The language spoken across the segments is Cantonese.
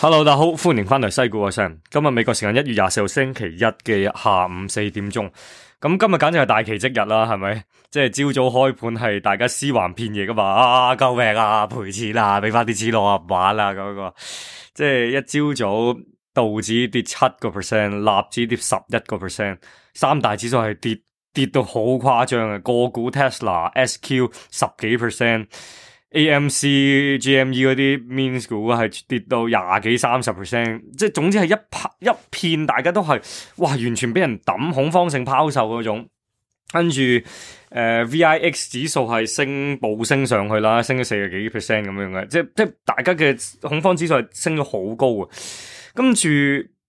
hello，大家好，歡迎翻嚟《西股阿 Sir》。今日美國時間一月廿四號星期一嘅下午四點鐘，咁今日簡直係大奇蹟日啦，係咪？即係朝早開盤係大家屍橫遍野噶嘛？啊，救命啊，賠錢啦，俾翻啲錢落啊，唔、啊啊啊、玩啦、啊、咁、那個。即係一朝早道指跌七個 percent，納指跌十一個 percent，三大指數係跌跌到好誇張啊。個股 Tesla、SQ 十幾 percent。A.M.C.G.M.E 嗰啲 meme 股係跌到廿幾三十 percent，即係總之係一拍一片，大家都係哇，完全俾人抌恐慌性拋售嗰種，跟住誒、呃、V.I.X 指數係升暴升上去啦，升咗四十幾 percent 咁樣嘅，即係即係大家嘅恐慌指數係升咗好高啊，跟住。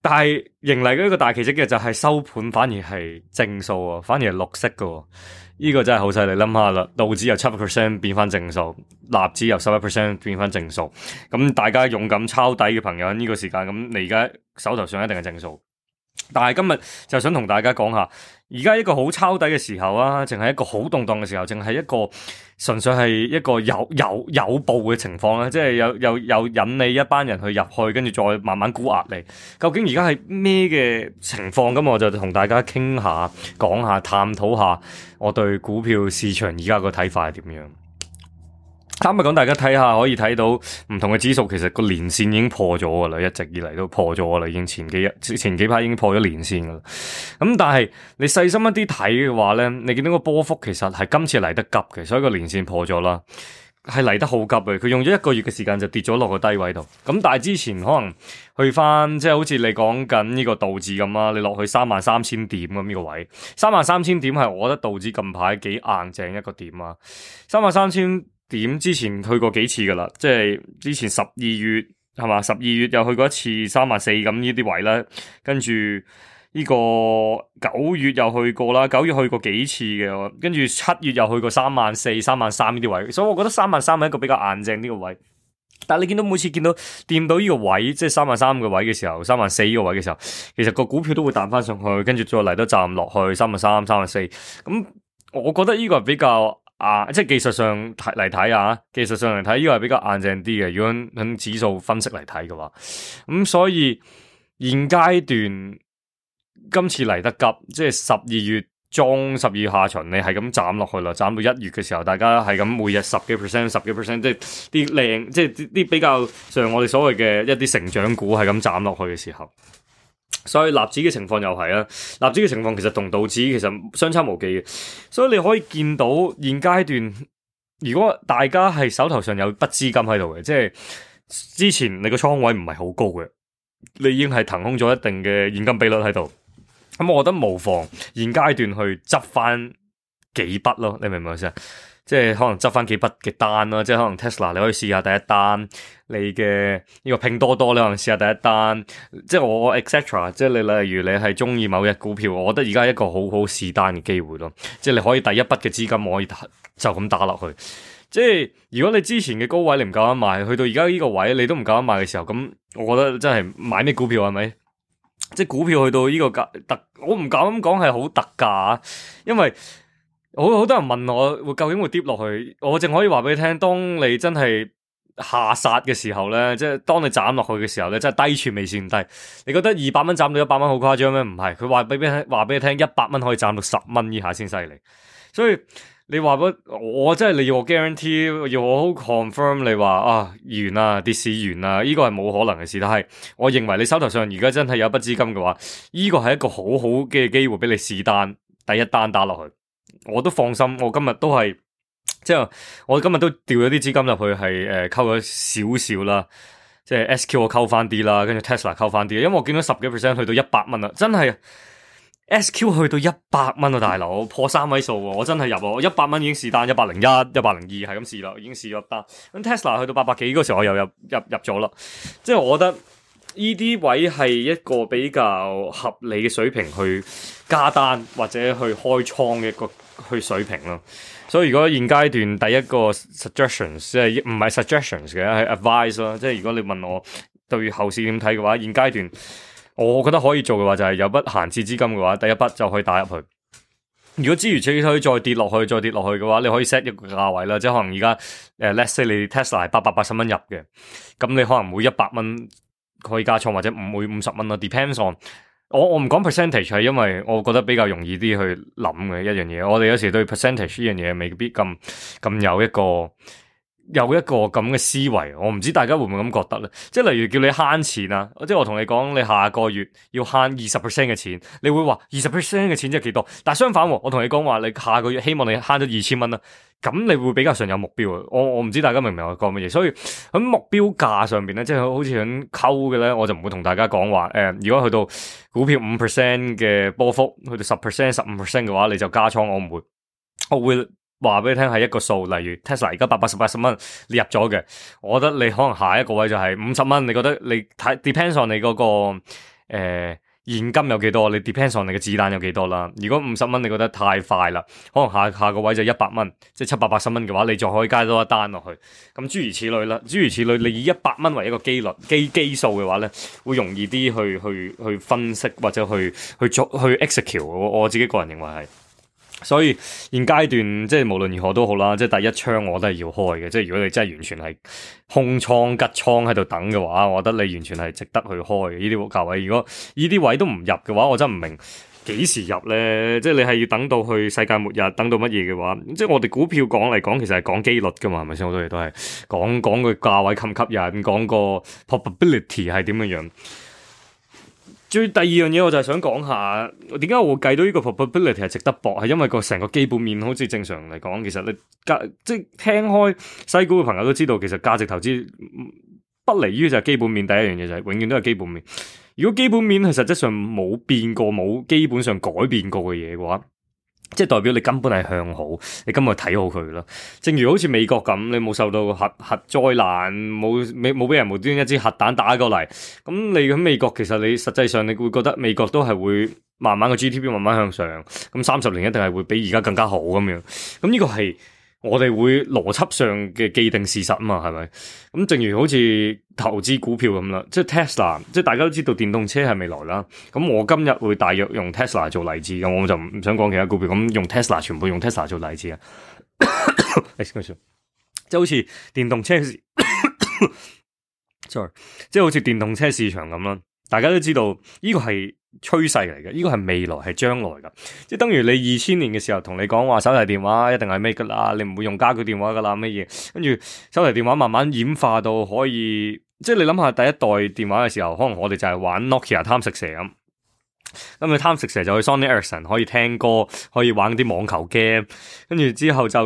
但係迎嚟嘅一個大奇蹟嘅就係收盤反而係正數啊，反而係綠色嘅，呢個真係好犀利。諗下啦，道指由七 percent 變翻正數，納指由十一 percent 變翻正數。咁大家勇敢抄底嘅朋友，呢個時間咁你而家手頭上一定係正數。但係今日就想同大家講下，而家一個好抄底嘅時候啊，淨係一個好動盪嘅時候，淨係一個純粹係一個有有有報嘅情況咧、啊，即係有有有引你一班人去入去，跟住再慢慢估壓你。究竟而家係咩嘅情況？咁我就同大家傾下，講下，探討下我對股票市場而家個睇法係點樣。今日咁大家睇下，可以睇到唔同嘅指數，其實個連線已經破咗噶啦，一直以嚟都破咗噶啦，已經前幾日、前幾排已經破咗連線噶啦。咁但係你細心一啲睇嘅話咧，你見到個波幅其實係今次嚟得急嘅，所以個連線破咗啦，係嚟得好急啊！佢用咗一個月嘅時間就跌咗落個低位度。咁但係之前可能去翻，即係好似你講緊呢個道指咁啦，你落去三萬三千點咁呢個位，三萬三千點係我覺得道指近排幾硬淨一個點啊，三萬三千。點之前去過幾次噶啦，即係之前十二月係嘛，十二月又去過一次三萬四咁呢啲位啦。跟住呢個九月又去過啦，九月去過幾次嘅，跟住七月又去過三萬四、三萬三呢啲位，所以我覺得三萬三係一個比較硬淨呢個位。但係你見到每次見到掂到呢個位，即係三萬三個位嘅時候，三萬四呢個位嘅時候，其實個股票都會彈翻上去，跟住再嚟到站落去，三萬三、三萬四。咁我覺得呢個係比較。啊，即係技術上嚟睇啊，技術上嚟睇呢個係比較硬淨啲嘅。如果喺指數分析嚟睇嘅話，咁、嗯、所以現階段今次嚟得急，即係十二月中、十二月下旬你斬下，你係咁斬落去啦，斬到一月嘅時候，大家係咁每日十幾 percent、十幾 percent，即係啲靚，即係啲比較上我哋所謂嘅一啲成長股係咁斬落去嘅時候。所以納指嘅情況又係啦，納指嘅情況其實同道指其實相差無幾嘅，所以你可以見到現階段，如果大家係手頭上有筆資金喺度嘅，即係之前你個倉位唔係好高嘅，你已經係騰空咗一定嘅現金比率喺度，咁我覺得無妨，現階段去執翻幾筆咯，你明唔明我意思？即係可能執翻幾筆嘅單咯，即係可能 Tesla 你可以試下第一單，你嘅呢個拼多多你可能試下第一單，即係我 extra，即係你例如你係中意某一股票，我覺得而家係一個好好試單嘅機會咯，即係你可以第一筆嘅資金我可以就咁打落去，即係如果你之前嘅高位你唔夠膽買，去到而家呢個位你都唔夠膽買嘅時候，咁我覺得真係買咩股票係咪？即係股票去到呢個價特，我唔敢講係好特價，因為。好好多人問我，究竟會跌落去？我淨可以話畀你聽，當你真係下殺嘅時候咧，即係當你斬落去嘅時候咧，真係低處未算低。你覺得二百蚊斬到一百蚊好誇張咩？唔係，佢話俾你聽，話俾你聽，一百蚊可以斬到十蚊以下先犀利。所以你話俾，我真係你要我 guarantee，要我好 confirm 你話啊完啊，跌市完啊，呢個係冇可能嘅事。但係我認為你手頭上而家真係有筆資金嘅話，呢個係一個好好嘅機會俾你試單，第一單打落去。我都放心，我今日都係，即係我今日都掉咗啲資金入去，係誒，溝、呃、咗少少啦，即係 S Q 我溝翻啲啦，跟住 Tesla 溝翻啲，因為我見到十幾 percent 去到一百蚊啦，真係 S Q 去到一百蚊啊，大佬破三位數喎，我真係入，我一百蚊已經試單，一百零、一百零、一百零二係咁試啦，已經試咗單，咁 Tesla 去到八百幾嗰時候，我又入入入咗咯，即係我覺得。呢啲位係一個比較合理嘅水平去加單或者去開倉嘅一個去水平咯。所以如果現階段第一個 suggestions 即係唔係 suggestions 嘅係 advice 咯，即係如果你問我對後市點睇嘅話，現階段我覺得可以做嘅話就係有筆閒置資金嘅話，第一筆就可以打入去。如果之餘，你可以再跌落去，再跌落去嘅話，你可以 set 一個價位啦。即係可能而家誒，Let’s say 你 Tesla 八百八十蚊入嘅，咁你可能每一百蚊。可以加倉或者每五十蚊咯。depends on 我我唔講 percentage 係因為我覺得比較容易啲去諗嘅一樣嘢，我哋有時對 percentage 呢樣嘢未必咁咁有一個。有一個咁嘅思維，我唔知大家會唔會咁覺得咧。即係例如叫你慳錢啊，即係我同你講，你下個月要慳二十 percent 嘅錢，你會話二十 percent 嘅錢即係幾多？但係相反，啊，我同你講話，你下個月希望你慳咗二千蚊啦，咁你會比較上有目標啊。我我唔知大家明唔明我講乜嘢。所以喺目標價上邊咧，即係好似想溝嘅咧，我就唔會同大家講話。誒、呃，如果去到股票五 percent 嘅波幅，去到十 percent，十五 percent 嘅話，你就加倉，我唔會，我會。話俾你聽係一個數，例如 Tesla 而家百八十八十蚊你入咗嘅，我覺得你可能下一個位就係五十蚊，你覺得你睇 depends on 你嗰、嗰個誒、呃、現金有幾多，你 depends on 你嘅子彈有幾多啦。如果五十蚊你覺得太快啦，可能下下個位就一百蚊，即係七百八十蚊嘅話，你再可以加多一單落去。咁諸如此類啦，諸如此類，你以一百蚊為一個機率、基基數嘅話咧，會容易啲去去去分析或者去去做去 execute。我我自己個人認為係。所以現階段即係無論如何都好啦，即係第一槍我都係要開嘅。即係如果你真係完全係空倉、吉倉喺度等嘅話，我覺得你完全係值得去開呢啲價位。如果呢啲位都唔入嘅話，我真唔明幾時入咧。即係你係要等到去世界末日，等到乜嘢嘅話？即係我哋股票講嚟講，其實係講機率噶嘛，係咪先？好多嘢都係講講個價位吸唔吸引，講個 probability 係點樣樣。最第二樣嘢，我就係想講下點解我會計到呢個 probability 係值得博，係因為個成個基本面好似正常嚟講，其實你價即係聽開西股嘅朋友都知道，其實價值投資不離於就係基本面。第一樣嘢就係、是、永遠都係基本面。如果基本面係實質上冇變過、冇基本上改變過嘅嘢嘅話，即係代表你根本係向好，你根本係睇好佢咯。正如好似美國咁，你冇受到核核災難，冇冇冇俾人無端一支核彈打過嚟，咁你喺美國其實你實際上你會覺得美國都係會慢慢嘅 GDP 慢慢向上，咁三十年一定係會比而家更加好咁樣。咁呢個係。我哋會邏輯上嘅既定事實啊嘛，係咪？咁正如好似投資股票咁啦，即係 Tesla，即係大家都知道電動車係未來啦。咁我今日會大約用 Tesla 做例子，咁我就唔想講其他股票，咁用 Tesla 全部用 Tesla 做例子啊。 excuse me，即係好似電動車 ，sorry，即係好似電動車市場咁啦，大家都知道呢個係。趨勢嚟嘅，呢個係未來係將來噶，即係等於你二千年嘅時候同你講話手提電話一定係咩噶啦，你唔會用家具電話噶啦乜嘢，跟住手提電話慢慢演化到可以，即係你諗下第一代電話嘅時候，可能我哋就係玩 Nokia、ok、貪食蛇咁，咁你貪食蛇就去 Sony Ericsson 可以聽歌，可以玩啲網球 game，跟住之後就。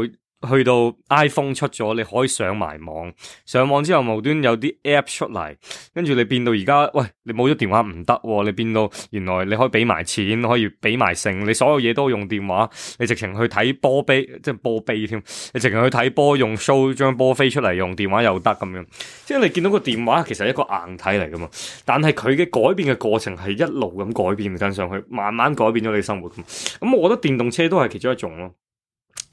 去到 iPhone 出咗，你可以上埋網，上網之後無端有啲 app 出嚟，跟住你變到而家，喂，你冇咗電話唔得，你變到原來你可以畀埋錢，可以畀埋剩。你所有嘢都用電話，你直情去睇波比，即係波比添，你直情去睇波，用 show 張波飛出嚟用電話又得咁樣，即係你見到個電話其實係一個硬體嚟噶嘛，但係佢嘅改變嘅過程係一路咁改變跟上去，慢慢改變咗你生活咁，咁我覺得電動車都係其中一種咯。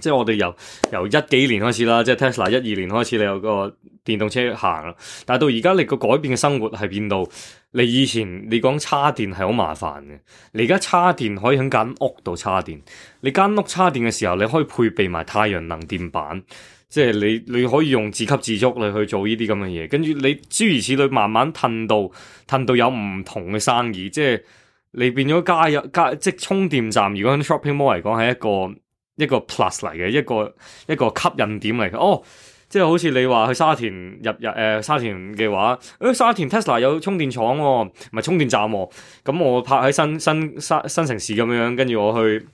即係我哋由由一幾年開始啦，即係 Tesla 一二年開始你有個電動車行啦，但係到而家你個改變嘅生活係邊度？你以前你講叉電係好麻煩嘅，你而家叉電可以喺間屋度叉電，你間屋叉電嘅時候你可以配備埋太陽能電板，即係你你可以用自給自足嚟去做呢啲咁嘅嘢，跟住你諸如此類，慢慢褪到褪到有唔同嘅生意，即係你變咗加入加即係充電站，如果喺 Shopping Mall 嚟講係一個。一個 plus 嚟嘅一個一個吸引點嚟嘅，哦、oh,，即係好似你話去沙田入入誒沙田嘅話，誒、欸、沙田 Tesla 有充電廠喎、哦，唔係充電站喎、哦，咁我拍喺新新新新城市咁樣，跟住我去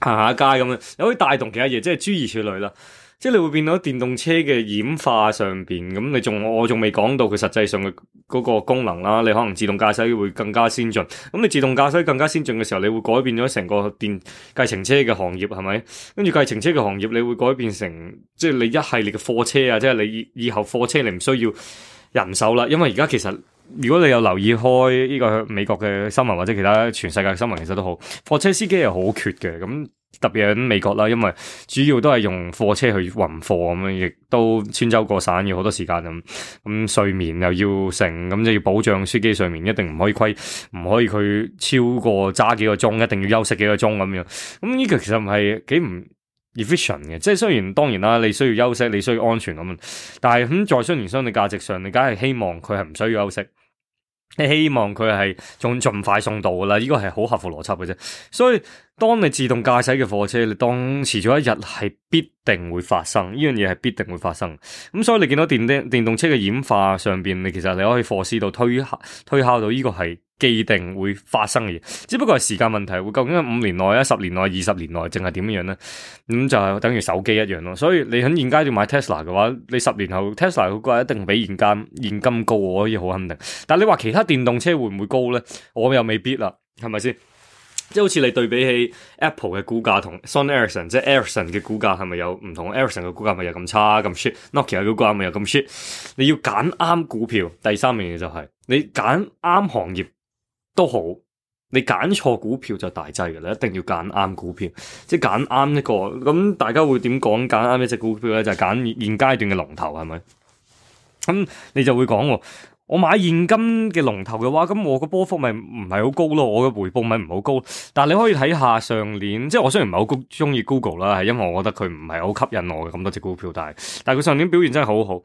行下街咁樣，你可以帶動其他嘢，即係諸如此類啦。即係你會變到電動車嘅演化上邊，咁你仲，我仲未講到佢實際上嘅嗰個功能啦。你可能自動駕駛會更加先進，咁你自動駕駛更加先進嘅時候，你會改變咗成個電計程車嘅行業，係咪？跟住計程車嘅行業你會改變成，即係你一系列嘅貨車啊，即係你以後貨車你唔需要人手啦，因為而家其實如果你有留意開呢個美國嘅新聞或者其他全世界嘅新聞，其實都好，貨車司機係好缺嘅咁。特別喺美國啦，因為主要都係用貨車去運貨咁樣，亦都穿州過省要好多時間咁。咁、嗯、睡眠又要成咁、嗯，就要保障司機睡眠一定唔可以虧，唔可以佢超過揸幾個鐘，一定要休息幾個鐘咁樣。咁、嗯、呢、嗯這個其實唔係幾唔 efficient 嘅，即係雖然當然啦，你需要休息，你需要安全咁，但係咁在商言商嘅價值上，你梗係希望佢係唔需要休息。你希望佢係仲盡快送到噶啦，呢個係好合乎邏輯嘅啫。所以當你自動駕駛嘅貨車，你當遲咗一日係必定會發生，呢樣嘢係必定會發生。咁、嗯、所以你見到電動電動車嘅演化上邊，你其實你可以貨司度推推敲到呢個係。既定會發生嘅嘢，只不過係時間問題，會究竟係五年內啊、十年內、二十年內，淨係點樣咧？咁就係等於手機一樣咯。所以你喺現階段買 Tesla 嘅話，你十年後 Tesla 個價一定比現金現金高，我可以好肯定。但係你話其他電動車會唔會高咧？我又未必啦，係咪先？即係好似你對比起 Apple 嘅股價同、er、Sony Ericsson，即係 Ericsson 嘅股價係咪有唔同？Ericsson 嘅股價咪又咁差咁 shit，Nokia 個價咪又咁 shit。你要揀啱股票，第三樣嘢就係、是、你揀啱行業。都好，你揀錯股票就大劑嘅，你一定要揀啱股票，即係揀啱一個。咁大家會點講揀啱一隻股票咧？就係、是、揀現階段嘅龍頭係咪？咁你就會講我買現金嘅龍頭嘅話，咁我個波幅咪唔係好高咯，我嘅回報咪唔好高。但係你可以睇下上年，即係我雖然唔係好高中意 Google 啦，係因為我覺得佢唔係好吸引我咁多隻股票，但係但係佢上年表現真係好好。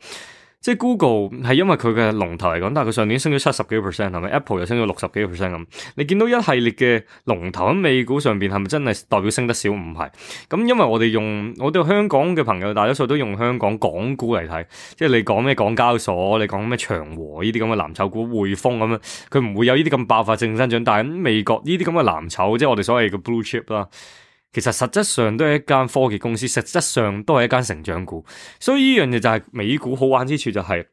即係 Google 係因為佢嘅龍頭嚟講，但係佢上年升咗七十幾個 percent，係咪？Apple 又升咗六十幾個 percent 咁，你見到一系列嘅龍頭喺美股上邊，係咪真係代表升得少？唔係，咁因為我哋用我哋香港嘅朋友大，大多數都用香港港股嚟睇，即係你講咩港交所，你講咩長和呢啲咁嘅藍籌股、匯豐咁樣，佢唔會有呢啲咁爆發性增長。但係美國呢啲咁嘅藍籌，即係我哋所謂嘅 blue chip 啦。其實實質上都係一間科技公司，實質上都係一間成長股，所以呢樣嘢就係美股好玩之處，就係，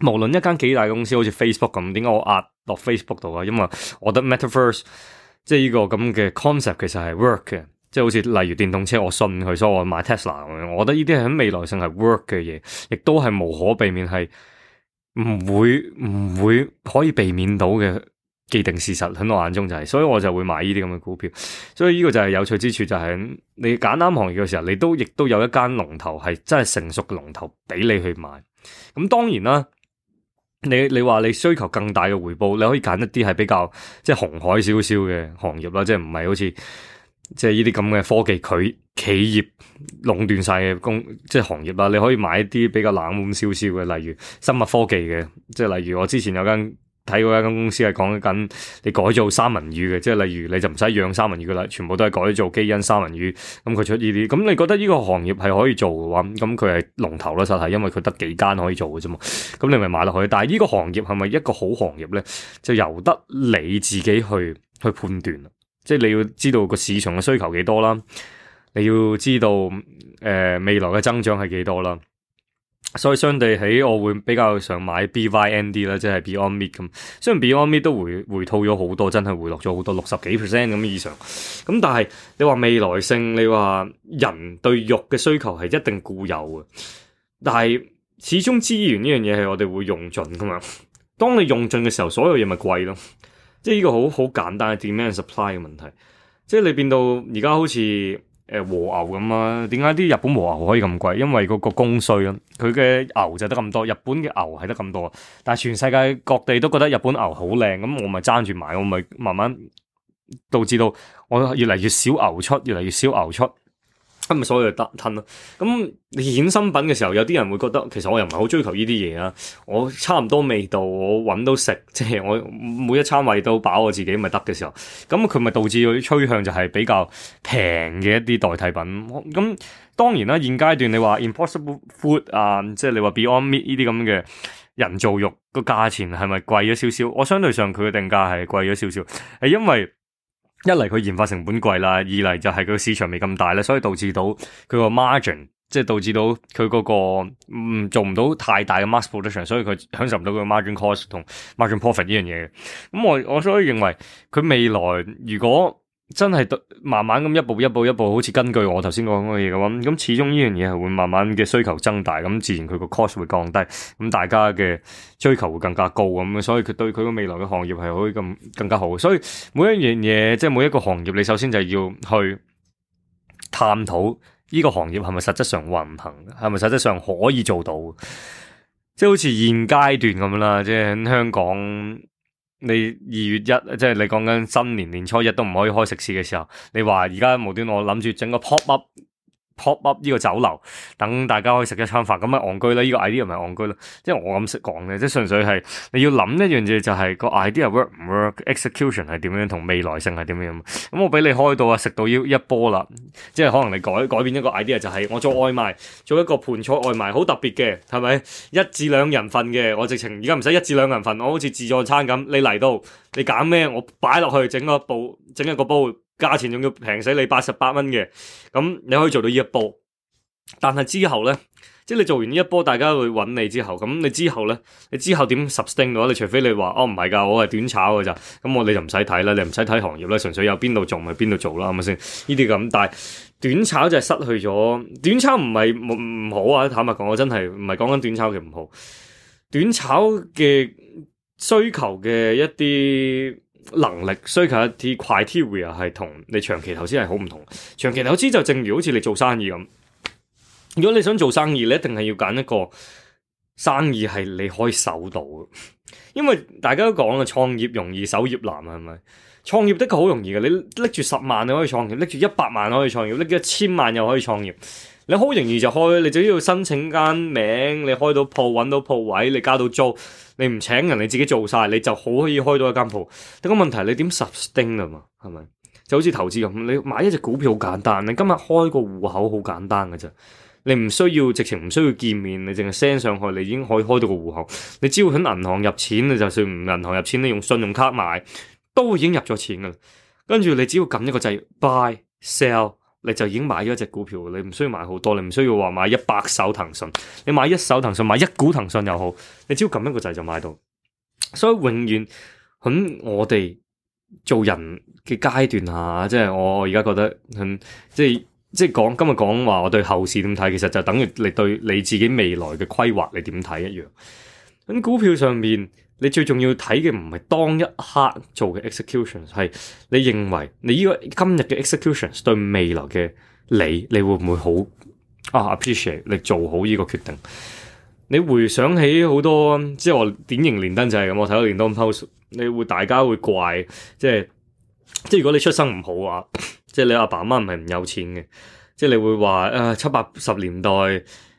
就係無論一間幾大公司，好似 Facebook 咁，點解我壓落 Facebook 度啊？因為我覺得 Metaverse，即係呢個咁嘅 concept，其實係 work 嘅，即係好似例如電動車，我信佢，所以我買 Tesla。我覺得呢啲係喺未來性係 work 嘅嘢，亦都係無可避免係唔會唔會可以避免到嘅。既定事實喺我眼中就係、是，所以我就會買呢啲咁嘅股票。所以呢個就係有趣之處，就係、是、你揀啱行業嘅時候，你都亦都有一間龍頭係真係成熟嘅龍頭畀你去買。咁、嗯、當然啦，你你話你需求更大嘅回報，你可以揀一啲係比較即係紅海少少嘅行業啦，即係唔係好似即係呢啲咁嘅科技佢企業壟斷晒嘅工即係行業啦。你可以買一啲比較冷門少少嘅，例如生物科技嘅，即係例如我之前有間。睇過一間公司係講緊你改造三文魚嘅，即係例如你就唔使養三文魚噶啦，全部都係改造基因三文魚。咁佢出呢啲，咁你覺得呢個行業係可以做嘅話，咁佢係龍頭咯，實係因為佢得幾間可以做嘅啫嘛。咁你咪買落去。但係呢個行業係咪一個好行業咧？就由得你自己去去判斷。即係你要知道個市場嘅需求幾多啦，你要知道誒、呃、未來嘅增長係幾多啦。所以相對起我會比較常買 BYND 啦，即係 Beyond Meat 咁。雖然 Beyond Meat 都回回吐咗好多，真係回落咗好多六十幾 percent 咁以上。咁但係你話未來性，你話人對肉嘅需求係一定固有嘅。但係始終資源呢樣嘢係我哋會用盡噶嘛。當你用盡嘅時候，所有嘢咪貴咯。即係呢個好好簡單嘅 demand supply 嘅問題。即係你變到而家好似。誒，和牛咁啊？點解啲日本和牛可以咁貴？因為嗰個供需啊，佢嘅牛就得咁多，日本嘅牛係得咁多，但係全世界各地都覺得日本牛好靚，咁我咪爭住買，我咪慢慢導致到我越嚟越少牛出，越嚟越少牛出。咁咪所以得吞咯。咁衍生品嘅時候，有啲人會覺得，其實我又唔係好追求呢啲嘢啊。我差唔多味道，我揾到食，即係我每一餐餵到飽我自己，咪得嘅時候。咁佢咪導致佢啲趨向就係比較平嘅一啲代替品。咁當然啦，現階段你話 Impossible Food 啊，即係你話 Beyond Meat 呢啲咁嘅人造肉個價錢係咪貴咗少少？我相對上佢嘅定價係貴咗少少，係因為。一嚟佢研發成本貴啦，二嚟就係佢個市場未咁大啦，所以導致到佢個 margin，即係導致到佢嗰個嗯做唔到太大嘅 mass production，所以佢享受唔到佢個 margin cost 同 margin profit 呢樣嘢嘅。咁我我所以認為佢未來如果。真係對慢慢咁一步一步一步，好似根據我頭先講嘅嘢咁。咁始終呢樣嘢係會慢慢嘅需求增大，咁自然佢個 cost 會降低。咁大家嘅追求會更加高咁，所以佢對佢個未來嘅行業係可以咁更加好。所以每一樣嘢，即係每一個行業，你首先就要去探討呢個行業係咪實質上運行，係咪實質上可以做到。即係好似現階段咁啦，即係喺香港。你二月一，即係你講緊新年年初一都唔可以開食肆嘅時候，你話而家無端我諗住整個 pop up。pop up 呢個酒樓，等大家可以食一餐飯，咁咪戇居啦。呢、這個 idea 咪戇居咯，即係我咁識講嘅，即係純粹係你要諗一樣嘢，就是，就係個 idea work 唔 work，execution 係點樣，同未來性係點樣。咁、嗯、我俾你開到啊，食到要一波啦，即係可能你改改變一個 idea，就係我做外賣，做一個盆菜外賣，好特別嘅，係咪一至兩人份嘅？我直情而家唔使一至兩人份，我好似自助餐咁，你嚟到你揀咩，我擺落去整個部，整一個煲。價錢仲要平死你八十八蚊嘅，咁你可以做到呢一波，但係之後咧，即係你做完呢一波，大家會揾你之後，咁你之後咧，你之後點 sustain 嘅話，你除非你話哦唔係噶我係短炒嘅咋。咁我你就唔使睇啦，你唔使睇行業啦，純粹有邊度做咪邊度做啦，係咪先？呢啲咁，但係短炒就係失去咗，短炒唔係唔好啊，坦白講，我真係唔係講緊短炒嘅唔好，短炒嘅需求嘅一啲。能力需求一啲 criteria 係同你長期投資係好唔同。長期投資就正如好似你做生意咁，如果你想做生意，你一定係要揀一個生意係你可以守到嘅。因為大家都講啦，創業容易守業難啊，係咪？創業的確好容易嘅，你拎住十萬你可以創業，拎住一百萬可以創業，拎住一千萬又可以創業。你好容易就開，你只要申請間名，你開到鋪，揾到鋪位，你交到租，你唔請人，你自己做晒，你就好可以開到一間鋪。但個問題，你點十丁啊嘛？係咪？就好似投資咁，你買一隻股票好簡單，你今日開個戶口好簡單噶啫。你唔需要直情唔需要見面，你淨係 send 上去，你已經可以開到個戶口。你只要喺銀行入錢，你就算唔銀行入錢，你用信用卡買，都已經入咗錢噶啦。跟住你只要撳一個掣 buy sell。你就已經買咗一隻股票，你唔需要買好多，你唔需要話買一百手騰訊，你買一手騰訊，買一股騰訊又好，你只要撳一個掣就買到。所以永遠喺我哋做人嘅階段下，即係我而家覺得，即係即係講今日講話，我對後市點睇，其實就等於你對你自己未來嘅規劃你點睇一樣。喺股票上面。你最重要睇嘅唔係當一刻做嘅 executions，係你認為你依、這個今日嘅 executions 對未來嘅你，你會唔會好啊 appreciate 你做好呢個決定？你回想起好多，即係我典型連登就係咁，我睇到連 o s t 你會大家會怪，即係即係如果你出生唔好啊，即係你阿爸阿媽唔係唔有錢嘅，即係你會話啊七八十年代。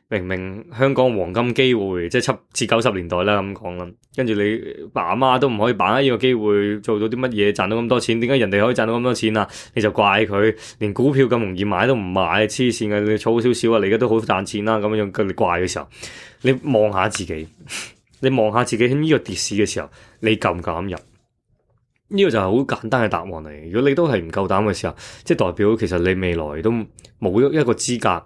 明明香港黃金機會，即係七至九十年代啦，咁講啦，跟住你爸阿媽都唔可以把握呢個機會，做到啲乜嘢賺到咁多錢？點解人哋可以賺到咁多錢啊？你就怪佢，連股票咁容易買都唔買，黐線嘅，你儲少少啊？你而家都好賺錢啦，啊，咁樣你怪嘅時候，你望下自己，你望下自己喺呢個跌市嘅時候，你夠唔夠膽入？呢、這個就係好簡單嘅答案嚟。如果你都係唔夠膽嘅時候，即係代表其實你未來都冇一個資格。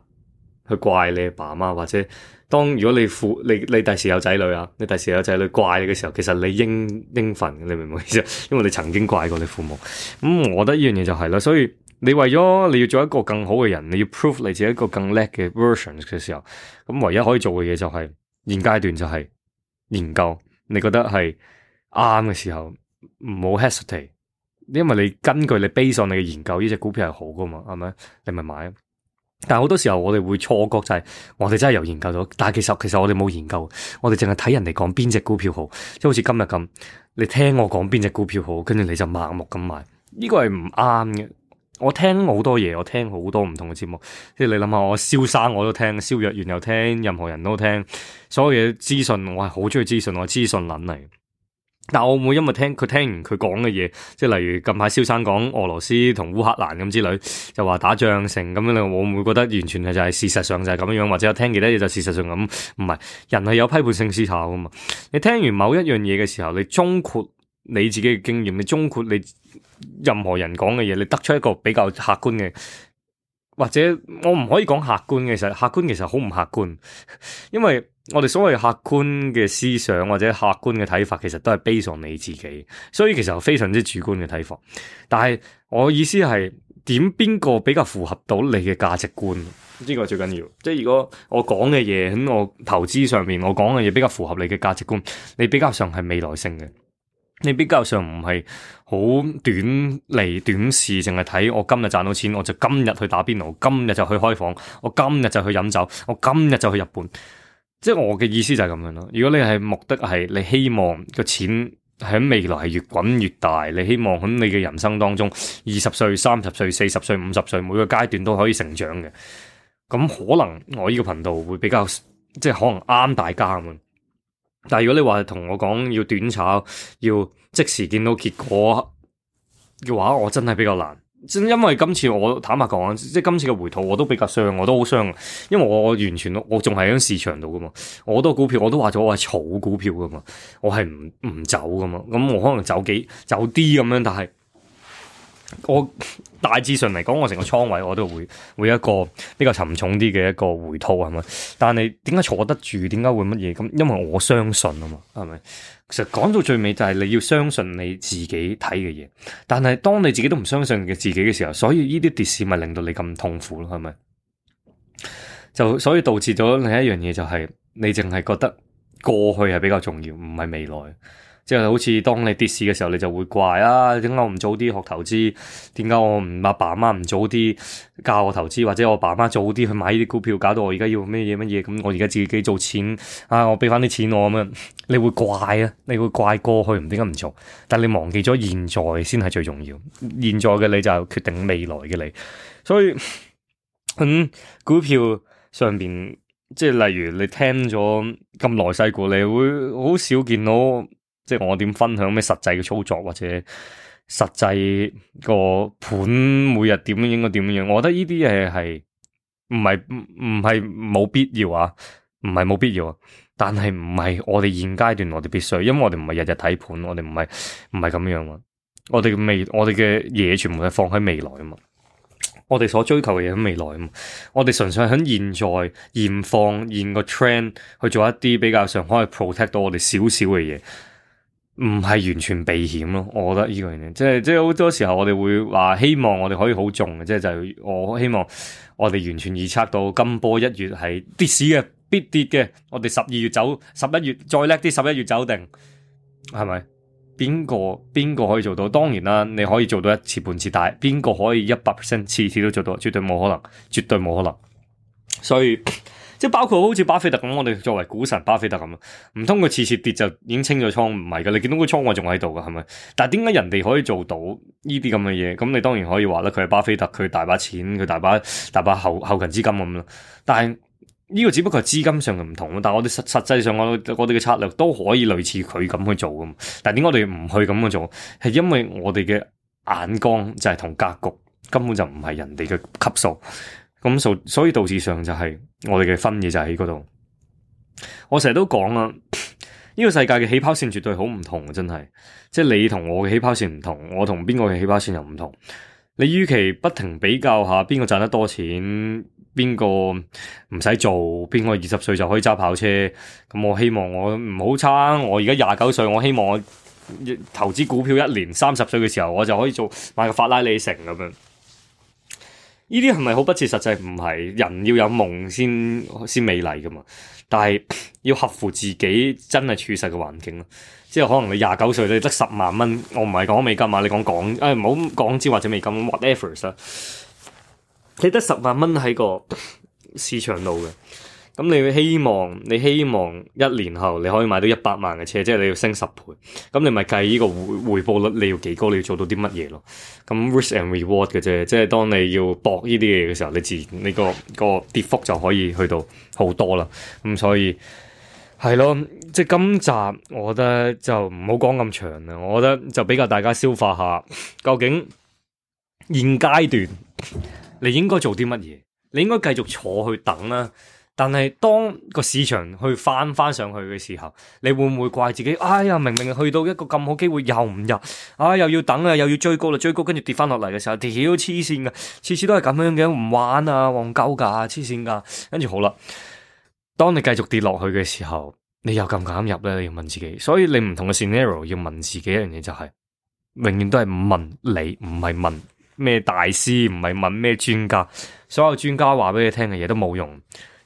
去怪你爸媽，或者當如果你父你你第時有仔女啊，你第時有仔女，女怪你嘅時候，其實你應應份，你明唔明我意思？因為你曾經怪過你父母，咁、嗯、我覺得呢樣嘢就係啦。所以你為咗你要做一個更好嘅人，你要 prove 你自己一個更叻嘅 version 嘅時候，咁唯一可以做嘅嘢就係現階段就係研究，你覺得係啱嘅時候，唔好 hesitate，因為你根據你 based on 你嘅研究，呢、這、隻、個、股票係好噶嘛，係咪？你咪買。但係好多時候我哋會錯覺就係、是、我哋真係有研究咗。但係其實其實我哋冇研究，我哋淨係睇人哋講邊隻股票好，即係好似今日咁，你聽我講邊隻股票好，跟住你就盲目咁買，呢個係唔啱嘅。我聽好多嘢，我聽好多唔同嘅節目，即係你諗下，我蕭生我都聽，蕭若元又聽，任何人都聽，所有嘢資訊，我係好中意資訊，我係資訊撚嚟。但我唔會因為聽佢聽完佢講嘅嘢，即係例如近排蕭生講俄羅斯同烏克蘭咁之類，就話打仗成咁樣咧，我唔會覺得完全係就係事實上就係咁樣樣，或者我聽其他嘢就事實上咁，唔係，人係有批判性思考噶嘛。你聽完某一樣嘢嘅時候，你綜合你自己嘅經驗，你綜合你任何人講嘅嘢，你得出一個比較客觀嘅，或者我唔可以講客觀嘅，其實客觀其實好唔客觀，因為，我哋所謂客觀嘅思想或者客觀嘅睇法，其實都係 base on 你自己，所以其實非常之主觀嘅睇法。但係我意思係點，邊個比較符合到你嘅價值觀？呢個最緊要。即係如果我講嘅嘢喺我投資上面，我講嘅嘢比較符合你嘅價值觀，你比較上係未來性嘅，你比較上唔係好短嚟短視，淨係睇我今日賺到錢，我就今日去打邊爐，今日就去開房，我今日就去飲酒，我今日就去日本。即係我嘅意思就係咁樣咯。如果你係目的係你希望個錢喺未來係越滾越大，你希望喺你嘅人生當中，二十歲、三十歲、四十歲、五十歲每個階段都可以成長嘅，咁可能我呢個頻道會比較，即係可能啱大家啊嘛。但係如果你話同我講要短炒，要即時見到結果嘅話，我真係比較難。即因為今次我坦白講，即係今次嘅回吐我都比較傷，我都好傷，因為我，我完全我仲係喺市場度噶嘛，我多股票我都話咗我係炒股票噶嘛，我係唔唔走噶嘛，咁我可能走幾走啲咁樣，但係。我大致上嚟講，我成個倉位我都會會一個比較沉重啲嘅一個回吐。係咪？但係點解坐得住？點解會乜嘢咁？因為我相信啊嘛，係咪？其實講到最尾就係你要相信你自己睇嘅嘢。但係當你自己都唔相信你自己嘅時候，所以呢啲跌市咪令到你咁痛苦咯？係咪？就所以導致咗另一樣嘢就係你淨係覺得過去係比較重要，唔係未來。即係好似當你跌市嘅時候，你就會怪啊！點解我唔早啲學投資？點解我唔阿爸阿媽唔早啲教我投資？或者我爸阿媽早啲去買呢啲股票，搞到我而家要咩嘢乜嘢？咁我而家自己做錢啊！我畀翻啲錢我咁樣，你會怪啊？你會怪過去唔點解唔做？但你忘記咗現在先係最重要，現在嘅你就決定未來嘅你。所以，嗯，股票上邊即係例如你聽咗咁耐西股，你會好少見到。即係我點分享咩實際嘅操作，或者實際個盤每日點應該點樣？我覺得呢啲嘢係唔係唔係冇必要啊？唔係冇必要，啊，但係唔係我哋現階段我哋必須，因為我哋唔係日日睇盤，我哋唔係唔係咁樣啊！我哋未，我哋嘅嘢全部係放喺未來啊嘛！我哋所追求嘅嘢喺未來啊嘛！我哋純粹喺現在現放現個 trend 去做一啲比較上可以 protect 到我哋少少嘅嘢。唔係完全避險咯，我覺得呢個樣嘢，即係即係好多時候我哋會話希望我哋可以好重，嘅，即係就我希望我哋完全預測到今波一月係跌市嘅必跌嘅，我哋十二月走十一月再叻啲，十一月走定係咪？邊個邊個可以做到？當然啦，你可以做到一次半次但係，邊個可以一百 percent 次次都做到？絕對冇可能，絕對冇可能，所以。即包括好似巴菲特咁，我哋作為股神巴菲特咁，唔通佢次次跌就已經清咗倉，唔係嘅。你見到個倉我仲喺度嘅，係咪？但係點解人哋可以做到呢啲咁嘅嘢？咁你當然可以話啦，佢係巴菲特，佢大把錢，佢大把大把後後勤資金咁啦。但係呢個只不過係資金上嘅唔同，但係我哋實實際上我哋嘅策略都可以類似佢咁去做嘅。但係點解我哋唔去咁嘅做？係因為我哋嘅眼光就係同格局根本就唔係人哋嘅級數咁，所以導致上就係。我哋嘅分野就喺嗰度。我成日都講啦，呢個世界嘅起跑線絕對好唔同。真係，即係你同我嘅起跑線唔同，我同邊個嘅起跑線又唔同。你與其不停比較下邊個賺得多錢，邊個唔使做，邊個二十歲就可以揸跑車。咁我希望我唔好差。我而家廿九歲，我希望我投資股票一年，三十歲嘅時候我就可以做買個法拉利城咁樣。呢啲係咪好不切實際？唔係，人要有夢先先美麗噶嘛。但係要合乎自己真係處世嘅環境咯。即係可能你廿九歲，你得十萬蚊，我唔係講美金啊，你講港，誒唔好講紙或者美金，whatever 啦。你得十萬蚊喺個市場度嘅。咁你會希望你希望一年後你可以買到一百萬嘅車，即係你要升十倍，咁你咪計呢個回回報率你要幾高，你要做到啲乜嘢咯？咁 risk and reward 嘅啫，即係當你要搏呢啲嘢嘅時候，你自然你個個跌幅就可以去到好多啦。咁所以係咯，即係今集我覺得就唔好講咁長啦，我覺得就比較大家消化下，究竟現階段你應該做啲乜嘢？你應該繼續坐去等啦，啊。但係當個市場去翻翻上去嘅時候，你會唔會怪自己？哎呀，明明去到一個咁好機會又唔入，啊、哎、又要等啊，又要追高啦，追高跟住跌翻落嚟嘅時候，屌黐線噶，次次都係咁樣嘅，唔玩啊，戇鳩噶，黐線噶。跟住好啦，當你繼續跌落去嘅時候，你又咁敢入咧？你要問自己。所以你唔同嘅 scenario 要問自己一樣嘢，就係，就係永遠都係問你，唔係問咩大師，唔係問咩專家。所有專家話俾你聽嘅嘢都冇用。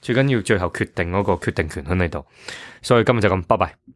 最緊要最後決定嗰個決定權喺你度，所以今日就咁，拜拜。